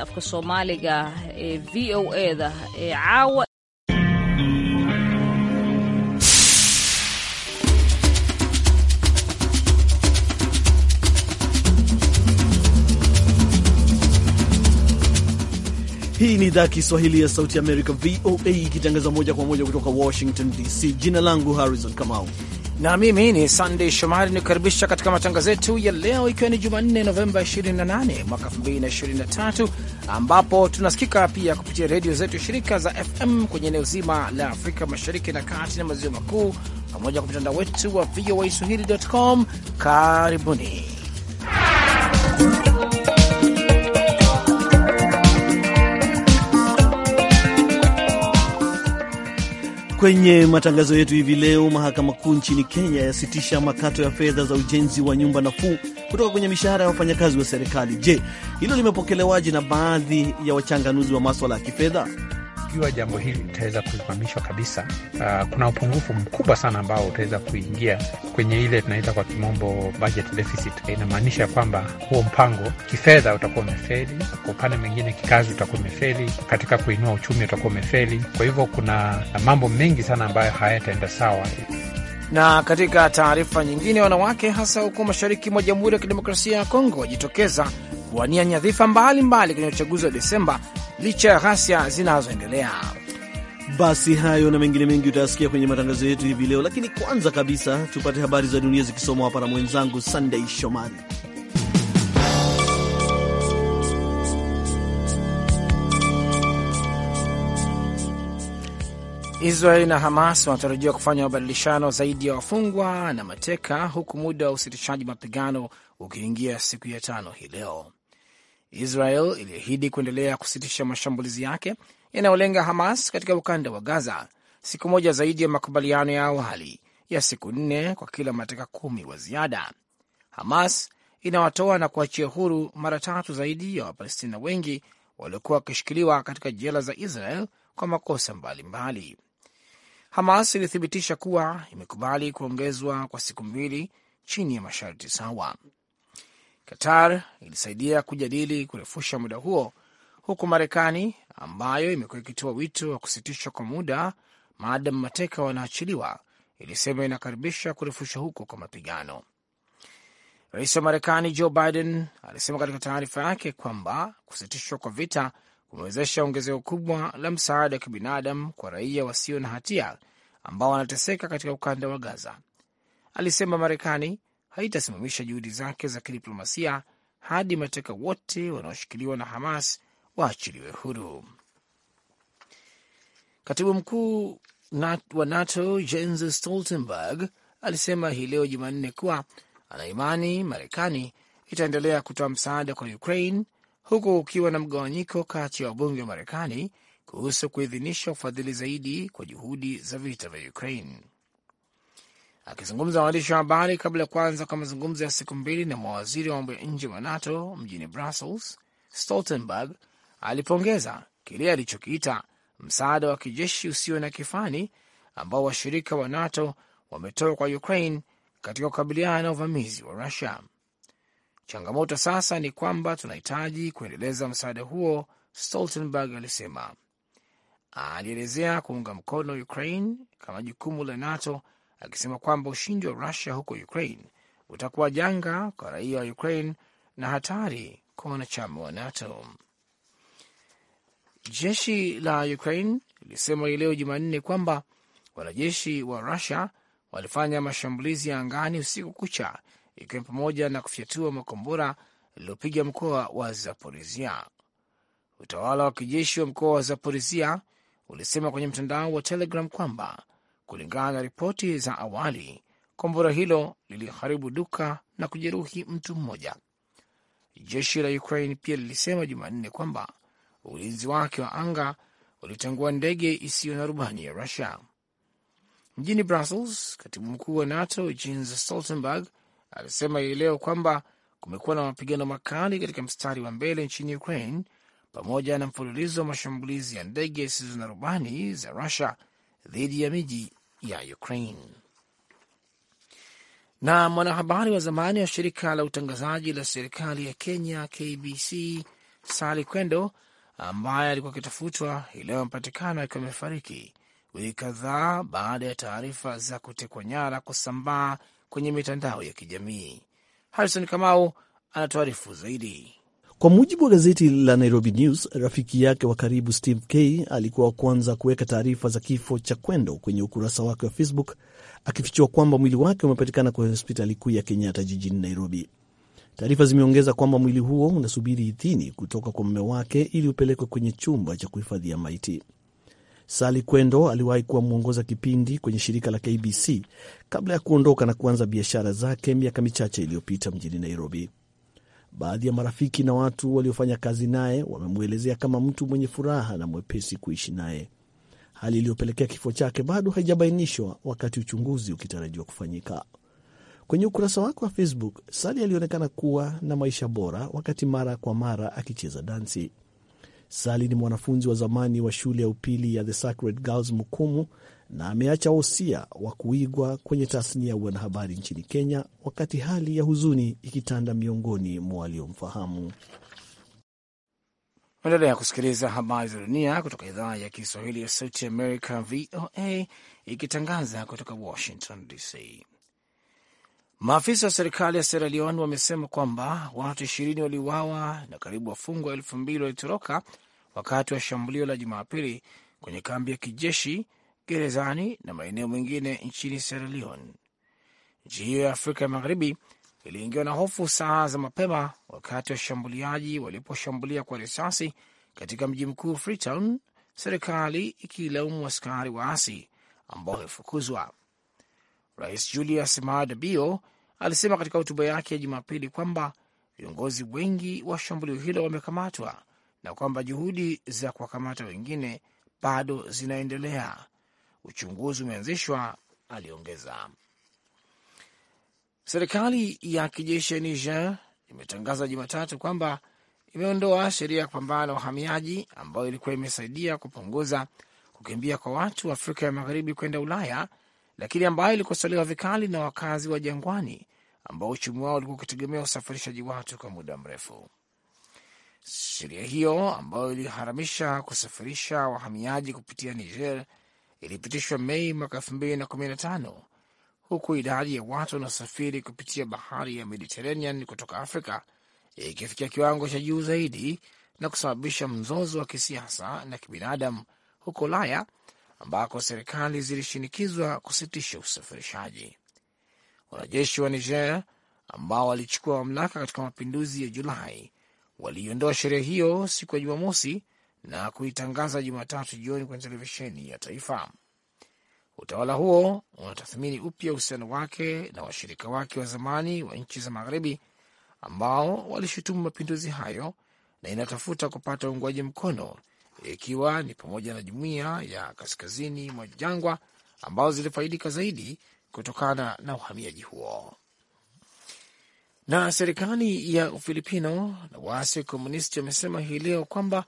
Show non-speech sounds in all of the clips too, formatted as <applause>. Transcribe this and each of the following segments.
afka soomaaliga ee v o da ee caawa Hii ni idhaa Kiswahili ya Sauti Amerika, VOA, ikitangaza moja kwa moja kutoka Washington DC. Jina langu Harrison Kamau na mimi ni Sandey Shomari nikukaribisha katika matangazo yetu ya leo, ikiwa ni Jumanne Novemba 28 mwaka 2023, ambapo tunasikika pia kupitia redio zetu shirika za FM kwenye eneo zima la Afrika Mashariki na Kati na Maziwa Makuu, pamoja kwa mtandao wetu wa VOA Swahili.com. Karibuni Kwenye matangazo yetu hivi leo, mahakama kuu nchini Kenya yasitisha makato ya fedha za ujenzi wa nyumba nafuu kutoka kwenye mishahara ya wafanyakazi wa serikali. Je, hilo limepokelewaje na baadhi ya wachanganuzi wa maswala ya kifedha? ikiwa jambo hili litaweza kusimamishwa kabisa, uh, kuna upungufu mkubwa sana ambao utaweza kuingia kwenye ile tunaita kwa kimombo budget deficit. Inamaanisha kwamba huo mpango kifedha utakuwa umefeli, kwa upande mwingine kikazi utakuwa umefeli, katika kuinua uchumi utakuwa umefeli. Kwa hivyo kuna mambo mengi sana ambayo hayataenda sawa. Na katika taarifa nyingine, wanawake hasa huko mashariki mwa Jamhuri ya Kidemokrasia ya Kongo wajitokeza kuwania nyadhifa mbalimbali kwenye uchaguzi wa Desemba licha ya ghasia zinazoendelea. Basi hayo na mengine mengi utayasikia kwenye matangazo yetu hivi leo, lakini kwanza kabisa tupate habari za dunia zikisomwa hapa na mwenzangu Sunday Shomari. Israel na Hamas wanatarajiwa kufanya mabadilishano zaidi ya wafungwa na mateka huku muda wa usitishaji mapigano ukiingia siku ya tano hii leo. Israel iliahidi kuendelea kusitisha mashambulizi yake yanayolenga Hamas katika ukanda wa Gaza, siku moja zaidi ya makubaliano ya awali ya siku nne kwa kila mateka kumi wa ziada. Hamas inawatoa na kuachia huru mara tatu zaidi ya Wapalestina wengi waliokuwa wakishikiliwa katika jela za Israel kwa makosa mbalimbali mbali. Hamas ilithibitisha kuwa imekubali kuongezwa kwa siku mbili chini ya masharti sawa. Qatar ilisaidia kujadili kurefusha muda huo, huku Marekani ambayo imekuwa ikitoa wito wa kusitishwa kwa muda maadamu mateka wanaachiliwa, ilisema inakaribisha kurefusha huko kwa mapigano. Rais wa Marekani Joe Biden alisema katika taarifa yake kwamba kusitishwa kwa vita kumewezesha ongezeko kubwa la msaada wa kibinadamu kwa raia wasio na hatia ambao wanateseka katika ukanda wa Gaza. Alisema Marekani haitasimamisha juhudi zake za kidiplomasia hadi mateka wote wanaoshikiliwa na Hamas waachiliwe huru. Katibu mkuu wa NATO Jens Stoltenberg alisema hii leo Jumanne kuwa anaimani Marekani itaendelea kutoa msaada kwa Ukraine huku ukiwa na mgawanyiko kati ya wabunge wa Marekani kuhusu kuidhinisha ufadhili zaidi kwa juhudi za vita vya Ukraine. Akizungumza waandishi wa habari kabla ya kuanza kwa mazungumzo ya siku mbili na mawaziri wa mambo ya nje wa NATO mjini Brussels, Stoltenberg alipongeza kile alichokiita msaada wa kijeshi usio na kifani ambao washirika wa NATO wametoa kwa Ukraine katika kukabiliana na uvamizi wa Rusia. Changamoto sasa ni kwamba tunahitaji kuendeleza msaada huo, Stoltenberg alisema. Alielezea kuunga mkono Ukraine kama jukumu la NATO akisema kwamba ushindi wa Rusia huko Ukraine utakuwa janga kwa raia wa Ukraine na hatari kwa wanachama wa NATO. Jeshi la Ukraine lilisema hii leo Jumanne kwamba wanajeshi wa Rusia walifanya mashambulizi ya angani usiku kucha, ikiwa pamoja na kufyatua makombora liliopiga mkoa wa Zaporizia. Utawala wa kijeshi wa mkoa wa Zaporizia ulisema kwenye mtandao wa Telegram kwamba Kulingana na ripoti za awali, kombora hilo liliharibu duka na kujeruhi mtu mmoja. Jeshi la Ukraine pia lilisema Jumanne kwamba ulinzi wake wa anga ulitangua ndege isiyo na rubani ya Rusia. Mjini Brussels, katibu mkuu wa NATO Jens Stoltenberg alisema hii leo kwamba kumekuwa na mapigano makali katika mstari wa mbele nchini Ukraine pamoja na mfululizo wa mashambulizi ya ndege zisizo na rubani za Rusia dhidi ya miji ya Ukraine. Na mwanahabari wa zamani wa shirika la utangazaji la serikali ya Kenya KBC Sali Kwendo ambaye alikuwa akitafutwa hii amepatikana akiwa amefariki wiki kadhaa baada ya taarifa za kutekwa nyara kusambaa kwenye mitandao ya kijamii. Harison Kamau anatuarifu zaidi. Kwa mujibu wa gazeti la Nairobi News, rafiki yake wa karibu Steve K alikuwa wa kwanza kuweka taarifa za kifo cha Kwendo kwenye ukurasa wake wa Facebook, akifichua kwamba mwili wake umepatikana kwenye hospitali kuu ya Kenyatta jijini Nairobi. Taarifa zimeongeza kwamba mwili huo unasubiri idhini kutoka kwa mume wake ili upelekwe kwenye chumba cha kuhifadhia maiti. sali Kwendo aliwahi kuwa mwongoza kipindi kwenye shirika la KBC kabla ya kuondoka na kuanza biashara zake miaka michache iliyopita mjini Nairobi. Baadhi ya marafiki na watu waliofanya kazi naye wamemwelezea kama mtu mwenye furaha na mwepesi kuishi naye. Hali iliyopelekea kifo chake bado haijabainishwa, wakati uchunguzi ukitarajiwa kufanyika. Kwenye ukurasa wake wa Facebook, Sali alionekana kuwa na maisha bora wakati mara kwa mara akicheza dansi. Sali ni mwanafunzi wa zamani wa shule ya upili ya The Sacred Girls Mukumu na ameacha wosia wa kuigwa kwenye tasnia ya wanahabari nchini Kenya, wakati hali ya huzuni ikitanda miongoni mwa waliomfahamu. Endelea kusikiliza habari za dunia kutoka idhaa ya Kiswahili ya Sauti Amerika, VOA, ikitangaza kutoka Washington DC. Maafisa wa serikali ya Sierra Leone wamesema kwamba watu ishirini waliuawa na karibu wafungwa elfu mbili walitoroka wakati wa shambulio la Jumapili kwenye kambi ya kijeshi gerezani na maeneo mengine nchini Sierra Leone. Nchi hiyo ya Afrika ya Magharibi iliingiwa na hofu saa za mapema wakati washambuliaji waliposhambulia kwa risasi katika mji mkuu Freetown, serikali ikilaumu askari waasi ambao wamefukuzwa. Rais Julius Maada Bio alisema katika hotuba yake ya Jumapili kwamba viongozi wengi wa shambulio hilo wamekamatwa na kwamba juhudi za kuwakamata wengine bado zinaendelea uchunguzi umeanzishwa, aliongeza. Serikali ya kijeshi ya Niger imetangaza Jumatatu kwamba imeondoa sheria ya kupambana na uhamiaji ambayo ilikuwa imesaidia kupunguza kukimbia kwa watu wa Afrika ya magharibi kwenda Ulaya, lakini ambayo ilikosolewa vikali na wakazi wa jangwani ambao uchumi wao ulikuwa ukitegemea usafirishaji watu kwa muda mrefu. Sheria hiyo ambayo iliharamisha kusafirisha wahamiaji kupitia Niger ilipitishwa Mei mwaka 2015 huku idadi ya watu wanaosafiri kupitia bahari ya Mediterranean kutoka Afrika ikifikia kiwango cha juu zaidi na kusababisha mzozo wa kisiasa na kibinadamu huko Ulaya ambako serikali zilishinikizwa kusitisha usafirishaji. Wanajeshi wa Niger ambao walichukua mamlaka katika mapinduzi ya Julai waliiondoa sheria hiyo siku ya Jumamosi na kuitangaza Jumatatu jioni kwenye televisheni ya taifa. Utawala huo unatathmini upya uhusiano wake na washirika wake wa zamani wa nchi za Magharibi ambao walishutumu mapinduzi hayo na inatafuta kupata uungwaji mkono ikiwa ni pamoja na jumuiya ya kaskazini mwa jangwa ambazo zilifaidika zaidi kutokana na uhamiaji huo. Na serikali ya Ufilipino na waasi wa komunisti wamesema hii leo kwamba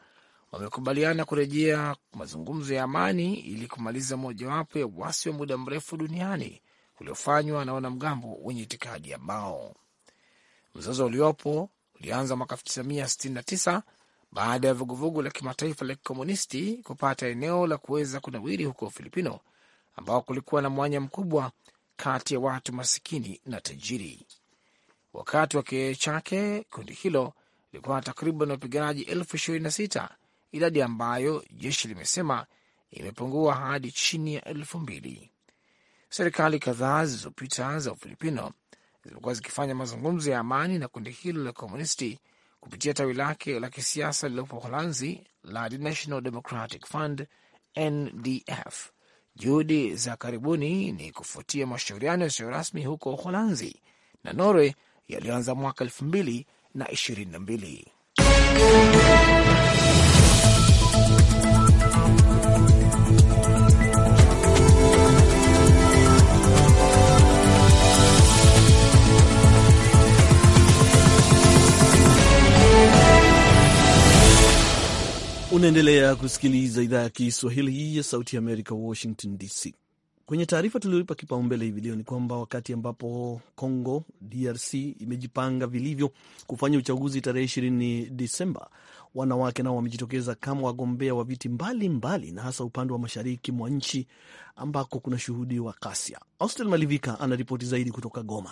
wamekubaliana kurejea mazungumzo ya amani ili kumaliza mojawapo ya uasi wa muda mrefu duniani uliofanywa na wanamgambo wenye itikadi ya Mao. Mzozo uliopo ulianza mwaka 1969 baada ya vuguvugu la kimataifa la kikomunisti kupata eneo la kuweza kunawiri huko Filipino, ambao kulikuwa na mwanya mkubwa kati ya watu masikini na tajiri. Wakati wa kiee chake kundi hilo lilikuwa na takriban wapiganaji elfu ishirini na sita idadi ambayo jeshi limesema imepungua hadi chini ya elfu mbili. Serikali kadhaa zilizopita za Ufilipino zimekuwa zikifanya mazungumzo ya amani na kundi hilo la komunisti kupitia tawi lake la kisiasa lililopo Uholanzi la National Democratic Fund NDF. Juhudi za karibuni ni kufuatia mashauriano yasiyo rasmi huko Uholanzi na Norwe yaliyoanza mwaka elfu mbili na ishirini na mbili. Unaendelea kusikiliza idhaa ya Kiswahili ya Sauti ya Amerika, Washington DC. Kwenye taarifa tulioipa kipaumbele hivi leo ni kwamba wakati ambapo Congo DRC imejipanga vilivyo kufanya uchaguzi tarehe 20 Disemba, wanawake nao wamejitokeza kama wagombea wa viti mbalimbali mbali, na hasa upande wa mashariki mwa nchi ambako kuna shuhudiwa kasia Austel Malivika anaripoti zaidi kutoka Goma.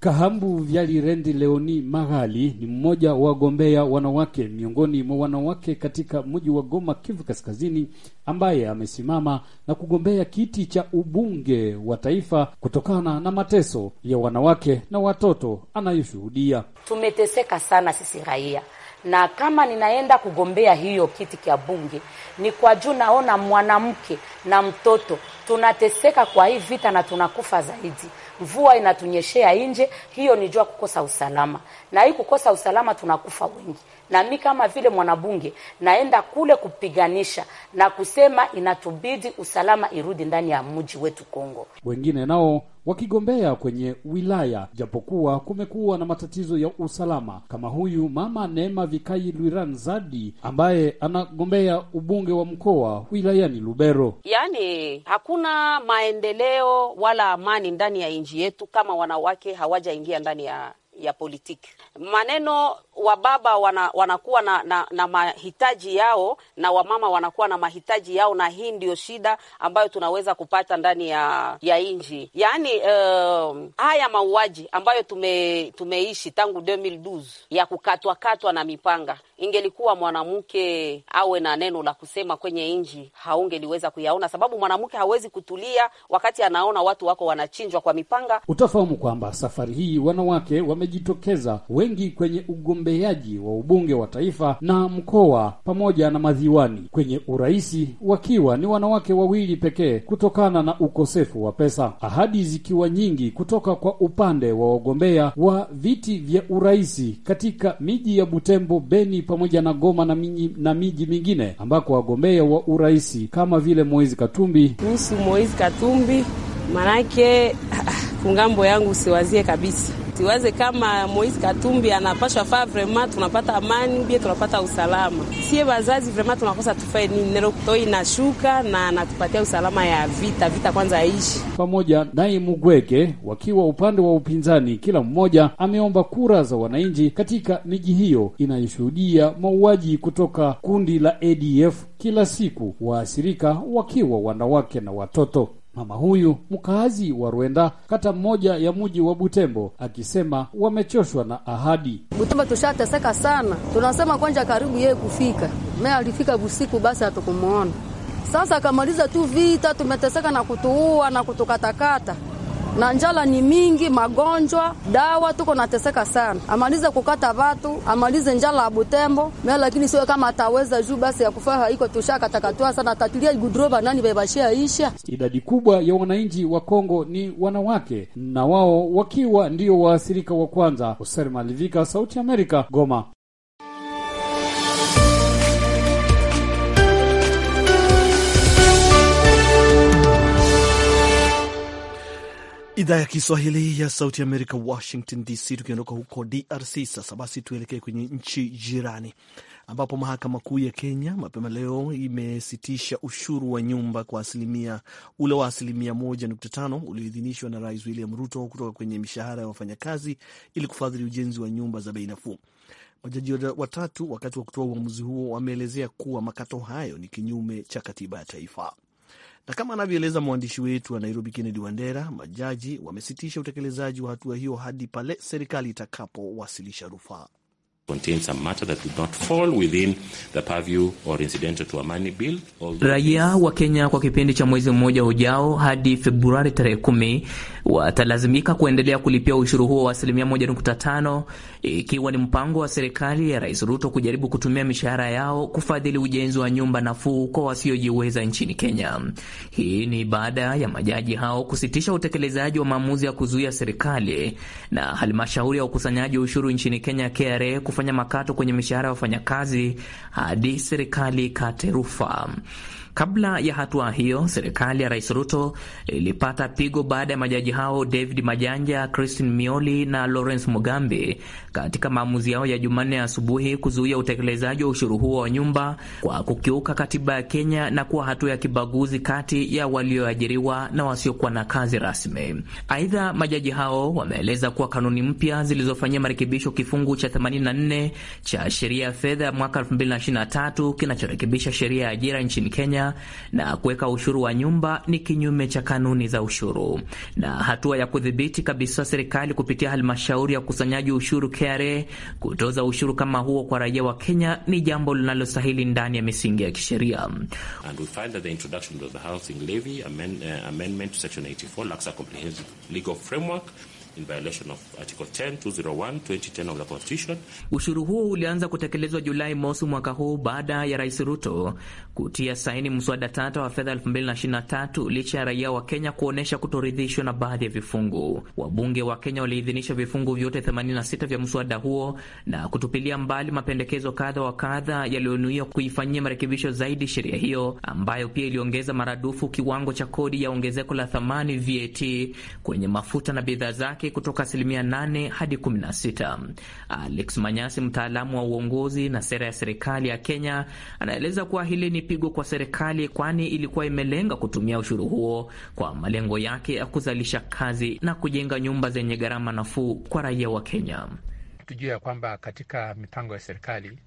Kahambu vyali rendi Leoni Maghali ni mmoja wa wagombea wanawake miongoni mwa wanawake katika mji wa Goma, Kivu Kaskazini, ambaye amesimama na kugombea kiti cha ubunge wa taifa kutokana na mateso ya wanawake na watoto anayoshuhudia. Tumeteseka sana sisi raia na kama ninaenda kugombea hiyo kiti kya bunge ni kwa juu naona mwanamke na mtoto tunateseka kwa hii vita na tunakufa zaidi. Mvua inatunyeshea nje, hiyo ni jua kukosa usalama, na hii kukosa usalama tunakufa wengi na mi kama vile mwanabunge naenda kule kupiganisha na kusema inatubidi usalama irudi ndani ya mji wetu Kongo. Wengine nao wakigombea kwenye wilaya, japokuwa kumekuwa na matatizo ya usalama, kama huyu mama Neema Vikai Zadi ambaye anagombea ubunge wa mkoa wilayani Lubero. Yaani hakuna maendeleo wala amani ndani ya nchi yetu kama wanawake hawajaingia ndani ya ya politiki. Maneno wababa wana, wanakuwa na, na, na mahitaji yao na wamama wanakuwa na mahitaji yao, na hii ndiyo shida ambayo tunaweza kupata ndani ya, ya nchi yaani, uh, haya mauaji ambayo tume, tumeishi tangu 2012 ya kukatwakatwa na mipanga. Ingelikuwa mwanamke awe na neno la kusema kwenye nji haungeliweza kuyaona, sababu mwanamke hawezi kutulia wakati anaona watu wako wanachinjwa kwa mipanga. Utafahamu kwamba safari hii wanawake wamejitokeza wengi kwenye ugomvi wagombeaji wa ubunge wa taifa na mkoa pamoja na madhiwani kwenye uraisi wakiwa ni wanawake wawili pekee kutokana na ukosefu wa pesa, ahadi zikiwa nyingi kutoka kwa upande wa wagombea wa viti vya uraisi katika miji ya Butembo, Beni pamoja na Goma na miji, na miji mingine ambako wagombea wa uraisi kama vile Moizi Katumbi kuhusu Moizi Katumbi manake <laughs> kungambo yangu siwazie kabisa tuwaze kama Moise Katumbi anapashwa faa, vrema tunapata amani bie tunapata usalama. Sie wazazi vrema tunakosa tufae nini, nero kutoi na anatupatia usalama ya vita vita kwanza aishi pamoja. Naye Mugwege wakiwa upande wa upinzani, kila mmoja ameomba kura za wananchi katika miji hiyo inayoshuhudia mauaji kutoka kundi la ADF kila siku, waathirika wakiwa wanawake na watoto. Mama huyu mkaazi wa Rwenda, kata mmoja ya mji wa Butembo, akisema wamechoshwa na ahadi. Butembo tushateseka sana, tunasema kwanja karibu yeye kufika me alifika busiku, basi hatukumwona Sasa akamaliza tu vita, tumeteseka na kutuua na kutukatakata na njala ni mingi, magonjwa, dawa, tuko nateseka sana. Amalize kukata vatu, amalize njala ya Butembo mea, lakini sio kama ataweza juu basi ya kufaa haiko tushakatakatwa sana, tatilia gudroba nani baibashia isha. Idadi kubwa ya wananchi wa Kongo ni wanawake na wao wakiwa ndio waathirika wa kwanza. Hoser Malivika, Sauti Amerika, Goma. Idhaa ya Kiswahili ya Sauti Amerika, Washington DC. Tukiondoka huko DRC sasa basi, tuelekee kwenye nchi jirani ambapo mahakama kuu ya Kenya mapema leo imesitisha ushuru wa nyumba kwa asilimia ule wa asilimia moja nukta tano ulioidhinishwa na Rais William Ruto kutoka kwenye mishahara ya wafanyakazi ili kufadhili ujenzi wa nyumba za bei nafuu. Majaji watatu wakati wa kutoa uamuzi huo wameelezea kuwa makato hayo ni kinyume cha katiba ya taifa. Na kama anavyoeleza mwandishi wetu wa Nairobi, Kennedy Wandera, majaji wamesitisha utekelezaji wa hatua hiyo hadi pale serikali itakapowasilisha rufaa. Raia wa Kenya kwa kipindi cha mwezi mmoja ujao hadi Februari tarehe kumi watalazimika kuendelea kulipia ushuru huo wa asilimia 1.5 ikiwa ni mpango wa serikali ya Rais Ruto kujaribu kutumia mishahara yao kufadhili ujenzi wa nyumba nafuu kwa wasiojiweza nchini Kenya. Hii ni baada ya majaji hao kusitisha utekelezaji wa maamuzi ya kuzuia serikali na halmashauri ya ukusanyaji ushuru nchini Kenya KRA kufanya makato kwenye mishahara ya wafanyakazi hadi serikali ikate rufaa. Kabla ya hatua hiyo, serikali ya Rais Ruto ilipata pigo baada ya majaji hao David Majanja, Christine Mioli na Lawrence Mugambi katika maamuzi yao ya Jumanne asubuhi kuzuia utekelezaji wa ushuru huo wa nyumba kwa kukiuka katiba ya Kenya na kuwa hatua ya kibaguzi kati ya walioajiriwa na wasiokuwa na kazi rasmi. Aidha, majaji hao wameeleza kuwa kanuni mpya zilizofanyia marekebisho kifungu cha 84 cha sheria ya fedha ya mwaka 2023 kinachorekebisha sheria ya ajira nchini Kenya na kuweka ushuru wa nyumba ni kinyume cha kanuni za ushuru, na hatua ya kudhibiti kabisa serikali kupitia halmashauri ya ukusanyaji ushuru KRA kutoza ushuru kama huo kwa raia wa Kenya ni jambo linalostahili ndani ya misingi ya kisheria in violation of Article 10, 201, 2010 of the Constitution. Ushuru huo ulianza kutekelezwa Julai mosi mwaka huu baada ya Rais Ruto kutia saini mswada tata wa fedha 2023 licha ya raia wa Kenya kuonyesha kutoridhishwa na baadhi ya vifungu. Wabunge wa Kenya waliidhinisha vifungu vyote 86 vya mswada huo na kutupilia mbali mapendekezo kadha wa kadha yaliyonuia kuifanyia marekebisho zaidi sheria hiyo ambayo pia iliongeza maradufu kiwango cha kodi ya ongezeko la thamani VAT kwenye mafuta na bidhaa zake wake kutoka asilimia 8 hadi 16. Alex Manyasi, mtaalamu wa uongozi na sera ya serikali ya Kenya, anaeleza kuwa hili ni pigo kwa serikali, kwani ilikuwa imelenga kutumia ushuru huo kwa malengo yake ya kuzalisha kazi na kujenga nyumba zenye gharama nafuu kwa raia wa Kenya. Tujue ya kwamba katika mipango ya serikali,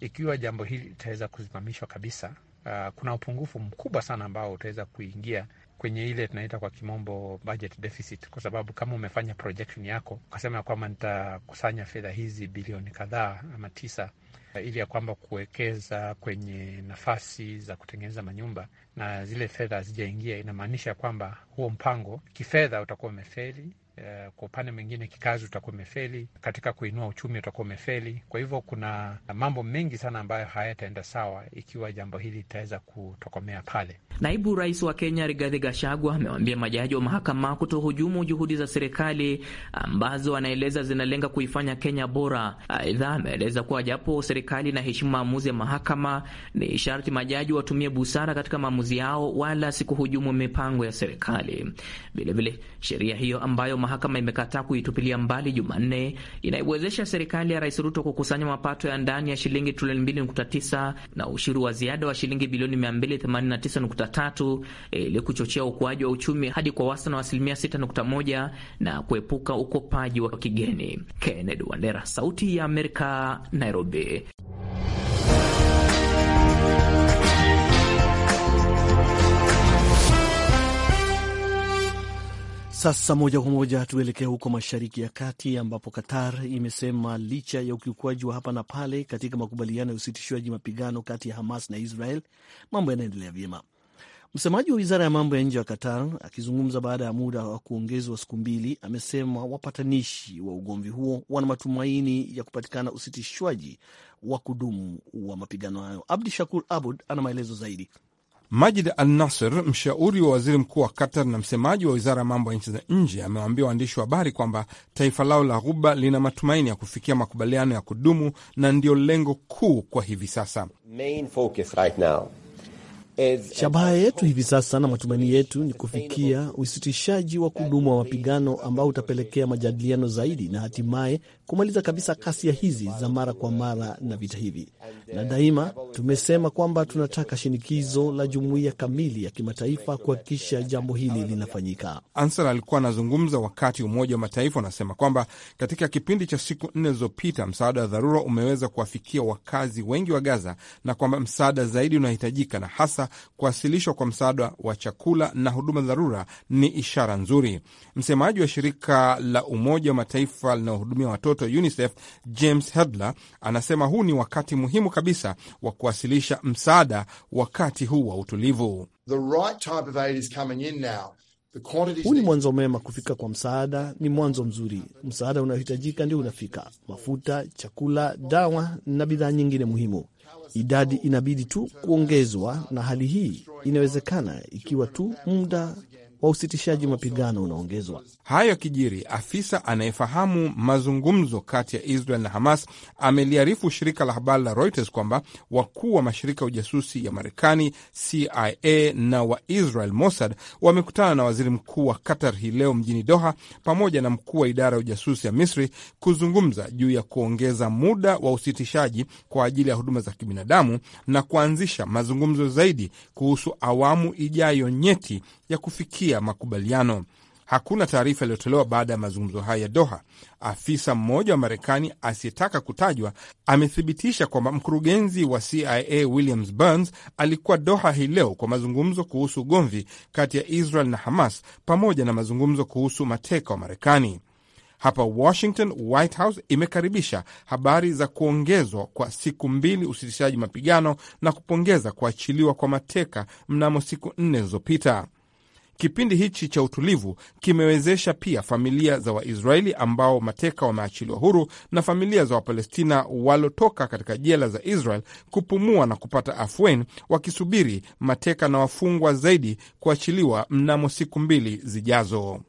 ikiwa jambo hili litaweza kusimamishwa kabisa, uh, kuna upungufu mkubwa sana ambao utaweza kuingia kwenye ile tunaita kwa kimombo budget deficit, kwa sababu kama umefanya projection yako ukasema ya kwamba nitakusanya fedha hizi bilioni kadhaa ama tisa eh, ili ya kwamba kuwekeza kwenye nafasi za kutengeneza manyumba na zile fedha hazijaingia, inamaanisha kwamba huo mpango kifedha utakuwa umefeli Eh, kwa upande mwingine kikazi utakuwa umefeli, katika kuinua uchumi utakuwa umefeli. Kwa hivyo kuna mambo mengi sana ambayo hayataenda sawa ikiwa jambo hili litaweza kutokomea pale. Naibu Rais wa Kenya Rigathi Gachagua amewaambia majaji wa mahakama kutohujumu juhudi za serikali ambazo anaeleza zinalenga kuifanya Kenya bora. Aidha, ameeleza kuwa japo serikali inaheshimu maamuzi ya mahakama, ni sharti majaji watumie busara katika maamuzi yao, wala sikuhujumu mipango ya serikali. Vilevile sheria hiyo ambayo mahakama imekataa kuitupilia mbali Jumanne, inaiwezesha serikali ya Rais Ruto kukusanya mapato ya ndani ya shilingi trilioni 2.9 na ushuru wa ziada wa shilingi bilioni 289.3 eh, ili kuchochea ukuaji wa uchumi hadi kwa wastani wa asilimia 6.1 na kuepuka ukopaji wa kigeni. Kennedy Wandera, Sauti ya Amerika, Nairobi. Sasa moja kwa moja tuelekea huko Mashariki ya Kati ambapo Qatar imesema licha ya ukiukwaji wa hapa na pale katika makubaliano ya usitishwaji mapigano kati ya Hamas na Israel, mambo yanaendelea vyema. Msemaji wa wizara ya mambo ya nje ya Qatar akizungumza baada ya muda wa kuongezwa siku mbili, amesema wapatanishi wa ugomvi huo wana matumaini ya kupatikana usitishwaji wa kudumu wa mapigano hayo. Abdi Shakur Abud ana maelezo zaidi. Majid Al Nasser, mshauri wa waziri mkuu wa Qatar na msemaji wa wizara ya mambo ya nchi za nje, amewaambia waandishi wa habari kwamba taifa lao la Ghuba lina matumaini ya kufikia makubaliano ya kudumu na ndio lengo kuu kwa hivi sasa. Shabaha yetu hivi sasa na matumaini yetu ni kufikia usitishaji wa kudumu wa mapigano ambao utapelekea majadiliano zaidi na hatimaye kumaliza kabisa kasia hizi za mara kwa mara na vita hivi, na daima tumesema kwamba tunataka shinikizo la jumuiya kamili ya kimataifa kuhakikisha jambo hili linafanyika. Ansar alikuwa anazungumza wakati Umoja wa Mataifa unasema kwamba katika kipindi cha siku nne zilizopita msaada wa dharura umeweza kuwafikia wakazi wengi wa Gaza na kwamba msaada zaidi unahitajika, na hasa kuwasilishwa kwa msaada wa chakula na huduma dharura ni ishara nzuri. Msemaji wa shirika la Umoja wa Mataifa linaohudumia watoto watoto UNICEF James Hedler anasema huu ni wakati muhimu kabisa wa kuwasilisha msaada wakati huu wa utulivu. Huu ni mwanzo mema. Kufika kwa msaada ni mwanzo mzuri. Msaada unaohitajika ndio unafika: mafuta, chakula, dawa na bidhaa nyingine muhimu. Idadi inabidi tu kuongezwa, na hali hii inawezekana ikiwa tu muda wa usitishaji mapigano unaongezwa. Hayo kijiri, afisa anayefahamu mazungumzo kati ya Israel na Hamas ameliarifu shirika la habari la Reuters kwamba wakuu wa mashirika ya ujasusi ya Marekani CIA na wa Israel Mossad wamekutana na waziri mkuu wa Qatar hii leo mjini Doha pamoja na mkuu wa idara ya ujasusi ya Misri kuzungumza juu ya kuongeza muda wa usitishaji kwa ajili ya huduma za kibinadamu na kuanzisha mazungumzo zaidi kuhusu awamu ijayo nyeti ya kufikia kufikia makubaliano. Hakuna taarifa iliyotolewa baada ya mazungumzo hayo ya Doha. Afisa mmoja wa Marekani asiyetaka kutajwa amethibitisha kwamba mkurugenzi wa CIA Williams Burns alikuwa Doha hii leo kwa mazungumzo kuhusu ugomvi kati ya Israel na Hamas pamoja na mazungumzo kuhusu mateka wa Marekani. Hapa Washington, White House imekaribisha habari za kuongezwa kwa siku mbili usitishaji mapigano na kupongeza kuachiliwa kwa mateka mnamo siku nne zilizopita. Kipindi hichi cha utulivu kimewezesha pia familia za Waisraeli ambao mateka wameachiliwa huru na familia za Wapalestina walotoka katika jela za Israel kupumua na kupata afueni, wakisubiri mateka na wafungwa zaidi kuachiliwa mnamo siku mbili zijazo.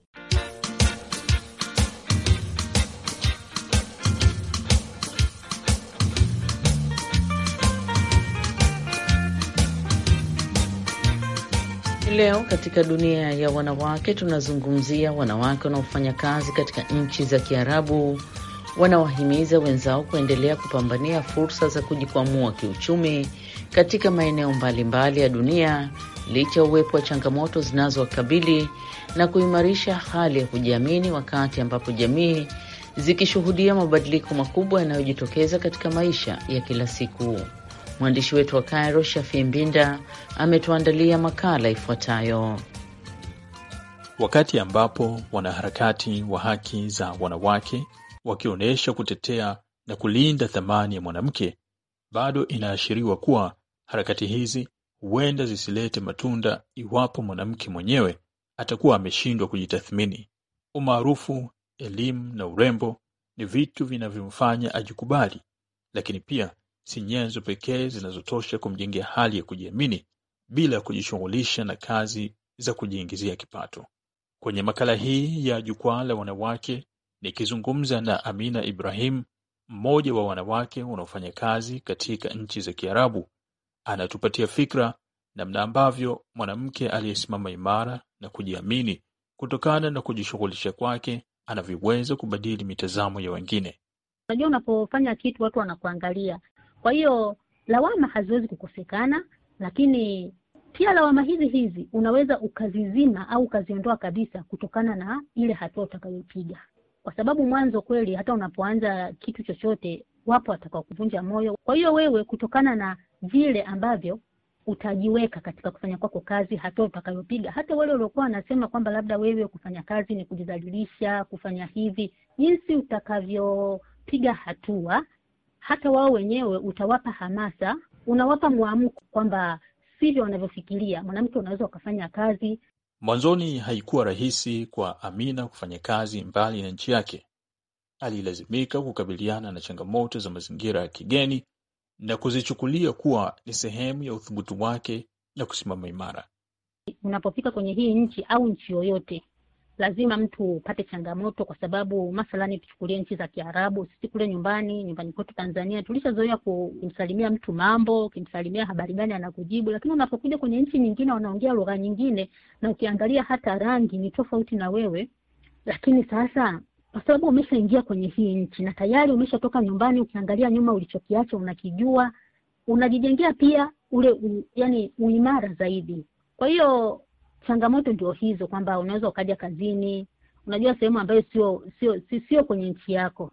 leo katika dunia ya wanawake tunazungumzia wanawake wanaofanya kazi katika nchi za Kiarabu wanawahimiza wenzao kuendelea kupambania fursa za kujikwamua kiuchumi katika maeneo mbalimbali ya dunia licha uwepo wa changamoto zinazowakabili na kuimarisha hali ya kujiamini wakati ambapo jamii zikishuhudia mabadiliko makubwa yanayojitokeza katika maisha ya kila siku. Mwandishi wetu wa Cairo, Shafi Mbinda, ametuandalia makala ifuatayo. Wakati ambapo wanaharakati wa haki za wanawake wakionyesha kutetea na kulinda thamani ya mwanamke, bado inaashiriwa kuwa harakati hizi huenda zisilete matunda iwapo mwanamke mwenyewe atakuwa ameshindwa kujitathmini. Umaarufu, elimu na urembo ni vitu vinavyomfanya ajikubali, lakini pia si nyenzo pekee zinazotosha kumjengea hali ya kujiamini bila ya kujishughulisha na kazi za kujiingizia kipato. Kwenye makala hii ya Jukwaa la Wanawake nikizungumza na Amina Ibrahim, mmoja wa wanawake wanaofanya kazi katika nchi za Kiarabu, anatupatia fikra namna ambavyo mwanamke aliyesimama imara na kujiamini kutokana na kujishughulisha kwake anavyoweza kubadili mitazamo ya wengine. Unajua, unapofanya kitu watu wanakuangalia, kwa hiyo lawama haziwezi kukosekana, lakini pia lawama hizi hizi unaweza ukazizima au ukaziondoa kabisa kutokana na ile hatua utakayopiga, kwa sababu mwanzo kweli, hata unapoanza kitu chochote, wapo watakao kuvunja moyo. Kwa hiyo wewe, kutokana na vile ambavyo utajiweka katika kufanya kwako kazi, hatua utakayopiga, hata wale waliokuwa wanasema kwamba labda wewe kufanya kazi ni kujidhalilisha, kufanya hivi, jinsi utakavyopiga hatua hata wao wenyewe utawapa hamasa, unawapa mwamko kwamba sivyo wanavyofikiria, mwanamke unaweza ukafanya kazi. Mwanzoni haikuwa rahisi kwa Amina kufanya kazi mbali na nchi yake. Alilazimika kukabiliana na changamoto za mazingira ya kigeni na kuzichukulia kuwa ni sehemu ya uthubutu wake na kusimama imara. Unapofika kwenye hii nchi au nchi yoyote, lazima mtu upate changamoto, kwa sababu mathalani tuchukulie nchi za Kiarabu, sisi kule nyumbani nyumbani kwetu Tanzania tulishazoea kumsalimia mtu mambo, ukimsalimia habari gani anakujibu, lakini unapokuja kwenye nchi nyingine wanaongea lugha nyingine, na ukiangalia hata rangi ni tofauti na wewe, lakini sasa kwa sababu umeshaingia kwenye hii nchi na tayari umeshatoka nyumbani, ukiangalia nyuma ulichokiacha unakijua, unajijengea pia ule u, yani uimara zaidi. Kwa hiyo changamoto ndio hizo kwamba unaweza ukaja kazini unajua sehemu ambayo sio sio sio kwenye nchi yako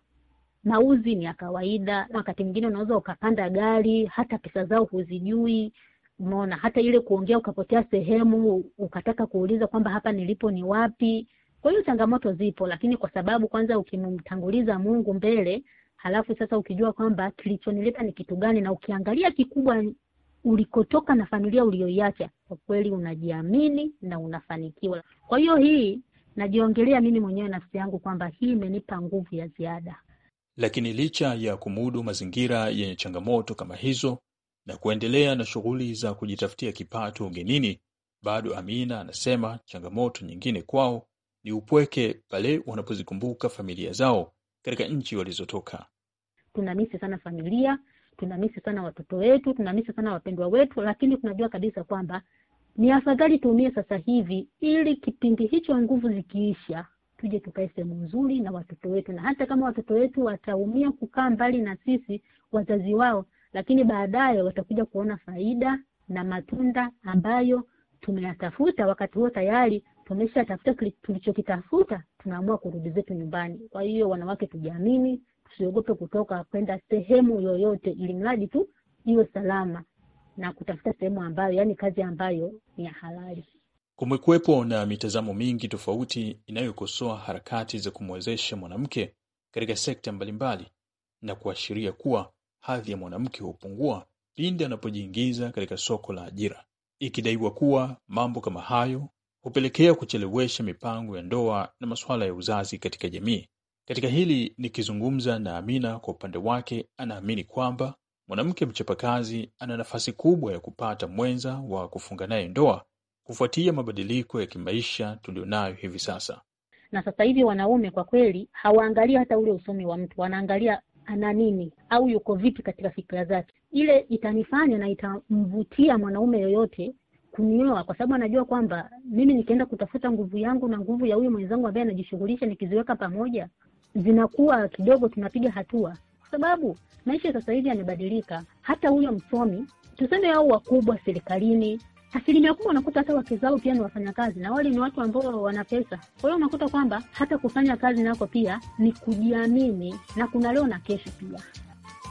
mauzi ni ya kawaida wakati mwingine unaweza ukapanda gari hata pesa zao huzijui umeona hata ile kuongea ukapotea sehemu ukataka kuuliza kwamba hapa nilipo ni wapi kwa hiyo changamoto zipo lakini kwa sababu kwanza ukimtanguliza mungu mbele halafu sasa ukijua kwamba kilichonileta ni kitu gani na ukiangalia kikubwa ulikotoka na familia uliyoiacha kwa kweli unajiamini na unafanikiwa. Kwa hiyo hii najiongelea mimi mwenyewe nafsi yangu kwamba hii imenipa nguvu ya ziada. Lakini licha ya kumudu mazingira yenye changamoto kama hizo na kuendelea na shughuli za kujitafutia kipato ugenini, bado Amina anasema changamoto nyingine kwao ni upweke pale wanapozikumbuka familia zao katika nchi walizotoka. Tunamisi sana familia tunamisi sana watoto wetu, tunamisi sana wapendwa wetu, lakini tunajua kabisa kwamba ni afadhali tuumie sasa hivi, ili kipindi hicho nguvu zikiisha, tuje tukae sehemu nzuri na watoto wetu, na hata kama watoto wetu wataumia kukaa mbali na sisi wazazi wao, lakini baadaye watakuja kuona faida na matunda ambayo tumeyatafuta wakati huo tayari tumeshatafuta tulichokitafuta, tunaamua kurudi zetu nyumbani. Kwa hiyo wanawake, tujiamini, tusiogope kutoka kwenda sehemu yoyote, ili mradi tu iwe salama na kutafuta sehemu ambayo, yani kazi ambayo ni ya halali. Kumekuwepo na mitazamo mingi tofauti inayokosoa harakati za kumwezesha mwanamke katika sekta mbalimbali na kuashiria kuwa hadhi ya mwanamke hupungua pindi anapojiingiza katika soko la ajira, ikidaiwa kuwa mambo kama hayo hupelekea kuchelewesha mipango ya ndoa na masuala ya uzazi katika jamii. Katika hili nikizungumza na Amina kwa upande wake anaamini kwamba mwanamke mchapakazi ana nafasi kubwa ya kupata mwenza wa kufunga naye ndoa kufuatia mabadiliko ya kimaisha tuliyonayo hivi sasa. Na sasa hivi wanaume kwa kweli hawaangalia hata ule usomi wa mtu, wanaangalia ana nini au yuko vipi katika fikra zake. Ile itanifanya na itamvutia mwanaume yoyote kunioa, kwa sababu anajua kwamba mimi nikienda kutafuta nguvu yangu na nguvu ya huyu mwenzangu ambaye anajishughulisha, nikiziweka pamoja, zinakuwa kidogo tunapiga hatua, kwa sababu maisha sasa hivi yamebadilika. Hata huyo msomi tuseme, au wakubwa serikalini, asilimia kubwa unakuta hata wake zao pia ni wafanyakazi, na wale ni watu ambao wana pesa. Kwa hiyo unakuta kwamba hata kufanya kazi nako pia ni kujiamini, na kuna leo na kesho pia.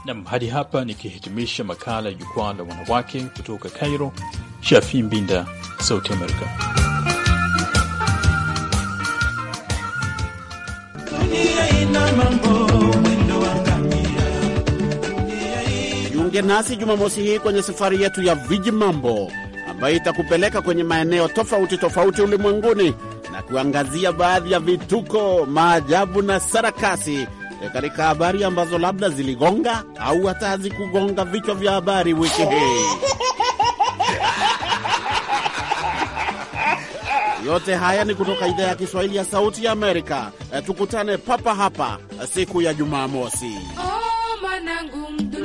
Nam, hadi hapa nikihitimisha makala ya Jukwaa la Wanawake kutoka Cairo. Shafi Mbinda, Sauti Amerika. Jiunge nasi Jumamosi hii kwenye safari yetu ya viji mambo ambayo itakupeleka kwenye maeneo tofauti tofauti ulimwenguni na kuangazia baadhi ya vituko, maajabu na sarakasi eh, katika habari ambazo labda ziligonga au hata hazikugonga vichwa vya habari wiki hii. Yote haya ni kutoka idhaa ya Kiswahili ya Sauti ya Amerika. Eh, tukutane papa hapa eh, siku ya Jumamosi. Oh, mosi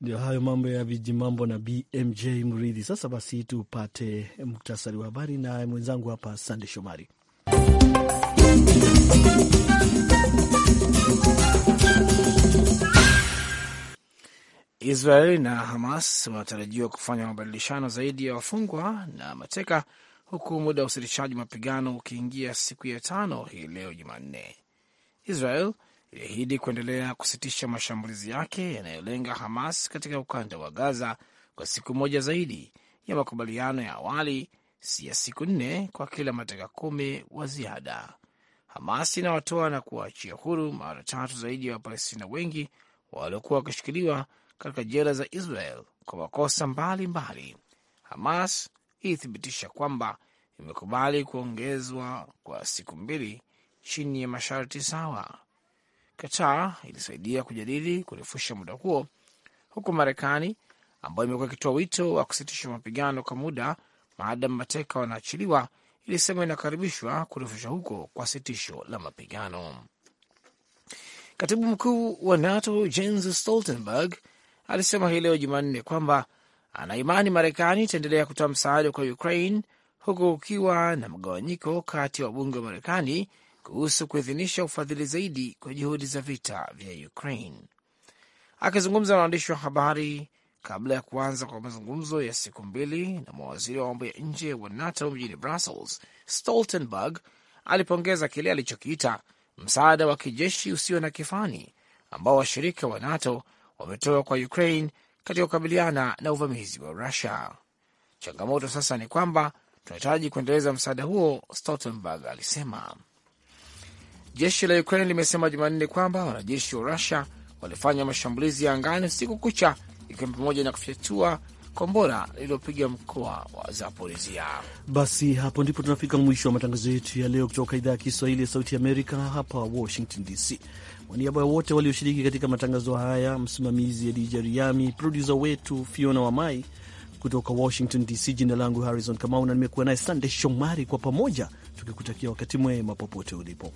Ndio hayo mambo ya viji mambo na BMJ Mridhi. Sasa basi tupate muktasari wa habari na mwenzangu hapa Sande Shomari. Israel na Hamas wanatarajiwa kufanya mabadilishano zaidi ya wafungwa na mateka, huku muda wa usitishaji mapigano ukiingia siku ya tano hii leo Jumanne. Israel iliahidi kuendelea kusitisha mashambulizi yake yanayolenga Hamas katika ukanda wa Gaza kwa siku moja zaidi ya makubaliano ya awali si ya siku nne kwa kila mateka kumi wa ziada. Hamas inawatoa na kuwaachia huru mara tatu zaidi ya Wapalestina wengi waliokuwa wakishikiliwa katika jela za Israel kwa makosa mbalimbali. Hamas ilithibitisha kwamba imekubali kuongezwa kwa siku mbili chini ya masharti sawa. Qatar ilisaidia kujadili kurefusha muda huo, huku Marekani ambayo imekuwa ikitoa wito wa kusitisha mapigano kwa muda maadamu mateka wanaachiliwa, ilisema inakaribishwa kurefusha huko kwa sitisho la mapigano. Katibu mkuu wa NATO Jens Stoltenberg alisema hii leo Jumanne kwamba anaimani Marekani itaendelea kutoa msaada kwa Ukraine huku kukiwa na mgawanyiko kati ya wabunge wa Marekani kuhusu kuidhinisha ufadhili zaidi kwa juhudi za vita vya Ukraine. Akizungumza na waandishi wa habari kabla ya kuanza kwa mazungumzo ya siku mbili na mawaziri wa mambo ya nje wa NATO mjini Brussels, Stoltenberg alipongeza kile alichokiita msaada wa kijeshi usio na kifani ambao washirika wa NATO wametoa kwa Ukraine katika kukabiliana na uvamizi wa Rusia. Changamoto sasa ni kwamba tunahitaji kuendeleza msaada huo, Stoltenberg alisema. Jeshi la Ukraine limesema Jumanne kwamba wanajeshi wa Rusia walifanya mashambulizi ya angani usiku kucha, ikiwa pamoja na kufyatua kombora lililopiga mkoa wa Zaporizia. Basi hapo ndipo tunafika mwisho wa matangazo yetu ya leo kutoka idhaa ya Kiswahili ya Sauti Amerika hapa Washington DC. Kwa niaba ya wote walioshiriki katika matangazo haya, msimamizi Adija Riami, produsa wetu Fiona wa mai kutoka Washington DC. Jina langu Harrison Kamau na nimekuwa naye Sande Shomari, kwa pamoja tukikutakia wakati mwema popote ulipo.